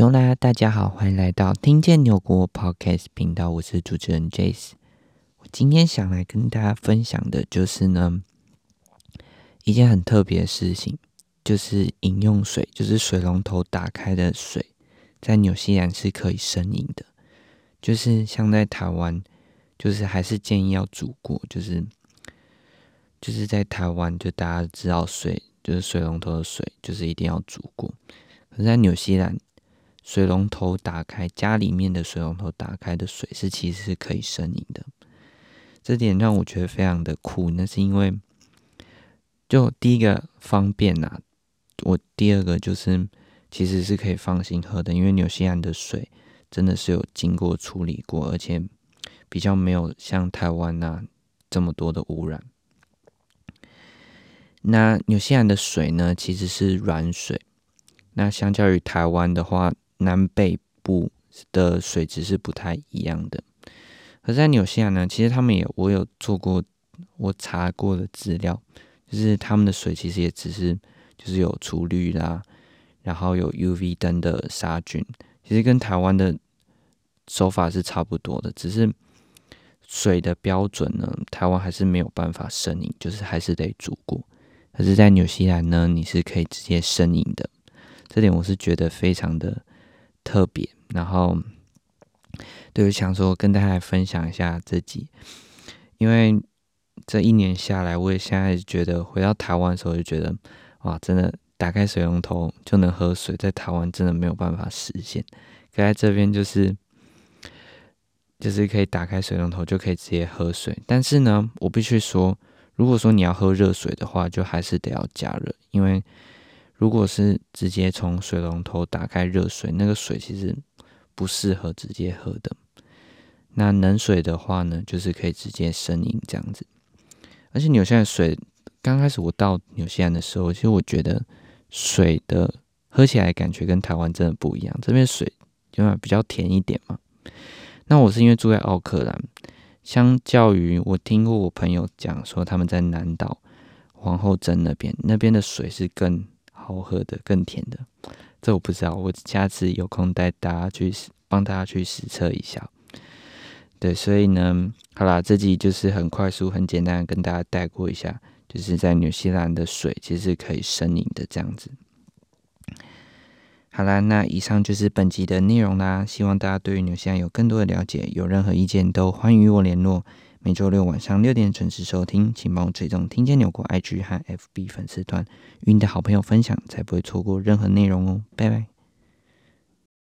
哈囉大家好，歡迎來到聽見紐國 Podcast 頻道，我是主持人 Jace。我今天想來跟大家分享的就是呢一件很特別的事情，就是飲用水，就是水龍頭打開的水，在紐西蘭是可以生飲的，就是像在台灣，就是還是建議要煮過，就是就是在台灣，就大家知道水，就是水龍頭的水，就是一定要煮過，可是，在紐西蘭。水龍頭打開，家裡面的水龍頭打開的水是其實是可以生飲的，這點讓我覺得非常的酷。那是因為，就第一個方便吶、啊，我第二個就是其實是可以放心喝的，因為紐西蘭的水真的是有經過處理過，而且比較沒有像台灣吶、啊、這麼多的污染。那紐西蘭的水呢，其實是軟水，那相較於台灣的話。南北部的水質是不太一樣的，而在紐西蘭呢，其實他們也，我有做過，我查過的資料，就是他們的水其實也只是就是有除氯啦，然後有 UV 燈的殺菌，其實跟台灣的手法是差不多的，只是水的標準呢，台灣還是沒有辦法生飲，就是還是得煮過，可是在紐西蘭呢，你是可以直接生飲的，這點我是覺得非常的特別，然後對，我想說跟大家分享一下自己，因為這一年下來，我也現在覺得回到台灣的時候就覺得，哇，真的打開水龍頭就能喝水，在台灣真的沒有辦法實現，可在這邊就是就是可以打開水龍頭就可以直接喝水，但是呢，我必須說，如果說你要喝熱水的話，就還是得要加熱，因為。如果是直接從水龍頭打開熱水，那個水其實不適合直接喝的。那冷水的話呢，就是可以直接生飲這樣子。而且紐西蘭水剛開始我到紐西蘭的時候，其實我覺得水的喝起來的感覺跟台灣真的不一樣，這邊水因為比較甜一點嘛。那我是因為住在奧克蘭，相較於我聽過我朋友講說他們在南島皇後鎮那邊，那邊的水是更。好喝的，更甜的，這我不知道。我下次有空帶大家去幫大家去實測一下。對，所以呢，好啦，這集就是很快速、很簡單跟大家帶過一下，就是在紐西蘭的水其實可以生飲的這樣子。好啦，那以上就是本集的內容啦。希望大家對於紐西蘭有更多的了解，有任何意見都歡迎與我聯絡。每週六晚上六點準時收聽，請幫我追蹤聽見紐國、IG 和 FB 粉絲團，與你的好朋友分享，才不會錯過任何內容哦，拜拜。